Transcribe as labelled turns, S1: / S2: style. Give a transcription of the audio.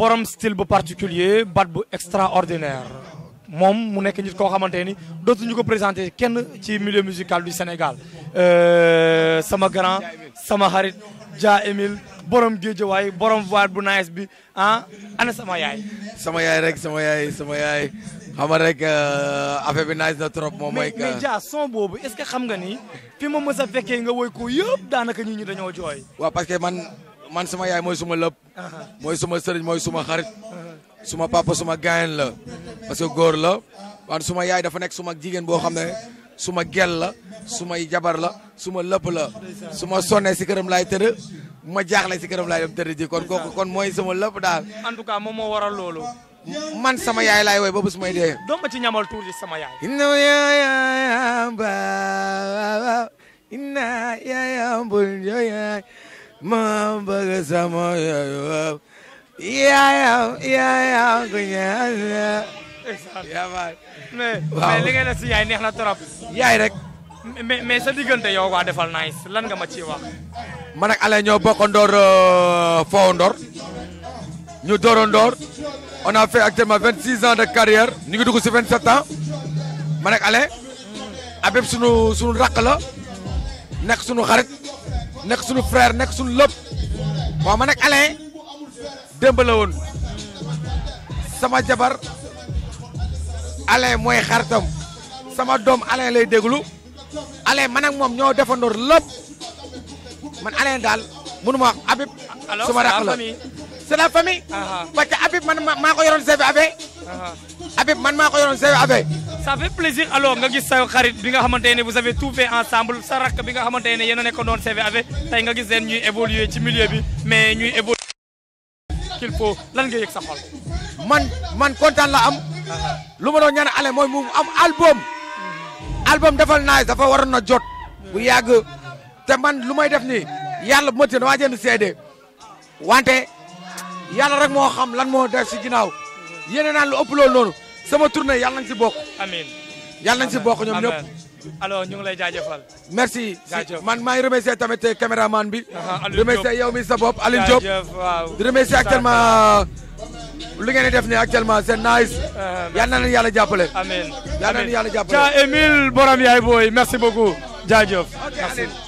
S1: borom style bu particulier bat bu extraordinaire moom mu nekk nit ko xamante ni dootuñu ko présenté kenn ci milieu musical du Sénégal euh, sama grand sama xarit Dia Émile borom géejewaay borom voix bu nice bi ah ana sama yaay. sama yaay rek sama yaay sama yaay xam nga rek euh, affaire bi nice na trop moom mooy. mais Dia son boobu est ce que xam nga ni fi ma mës a fekkee nga woy ko yëpp daanaka nit ñi dañoo jooy. waaw parce man. man sama yaay mooy suma lëpp mooy suma sëriñ mooy suma xarit suma papa suma gaayen la parce que góor la waan suma yaay dafa nekk suma jigéen boo xam ne suma gel la suma jabar la suma lëpp la suma sonne si këram laay tëdd ma jaaxle si këram laay dem tëdd ji kon kooku kon mooy sama lëpp daal en moom moo waral loolu man sama yaay laay woy ba bés may dee ma ci ñamal tuuti sama yaay inna yaayam ba inna yaayam bu yaay ma bëgg sama yaayam yaayam ku ñaan yaay mais mais li ngeen si yaay neex na trop. yaay rek. mais mais sa diggante yow waa defal nice lan nga ma ci wax. man ak Alain ñoo bokk ndoor euh, foo ndoor ñu door ndoor on a fait actuellement 26 ans de carrière ñu ngi dugg si 27 ans man ak Alain sunu sunu rakk la nekk sunu xarit. nekk suñu frère nekk suñu lépp waaw man nag Alain démb la woon sama jabar Alain mooy xaritam sama doom Alain lay déglu Alain ma ak moom ñoo defandoor lépp man Alain daal mënu ma wax Habib. rakk la c'est la famille. parce que Habib man maa ko yoroon CV Abe. Habib man maa ko yoroon CV Abe. ça fait plaisir alors nga gis sa xarit bi nga xamante ne vous avez tout fait ensemble sa rakk bi nga xamante ne yéen a nekk doon CV nga gis leen ñuy évoluer ci milieu bi mais ñuy évoluer qu'il faut lan nga yëg sa xol man man kontaan la am lu ma doon ñaan ale mooy mu am album album defal naa dafa waroon na jot bu yàgg te man lu may def nii yàlla bu ma tee damaa jënd wante yàlla rek moo xam lan moo def si ginnaaw yéene naan lu ëpp noonu sama tournée yàlla nañ si bokk. amiin yàlla nañ si bokk ñoom ñëpp. alors ñu ngi lay jaajëfal. merci man maa ngi remercier tamit caméraman bi. remercier yow mi sa bopp Alioune Diop. di remercier actuellement lu ngeen di def ne actuellement c'est nice. yal na leen yàlla jàppale. amiin yal yàlla jàppale. Dia Emile borom yaay booy merci beaucoup jaajëf.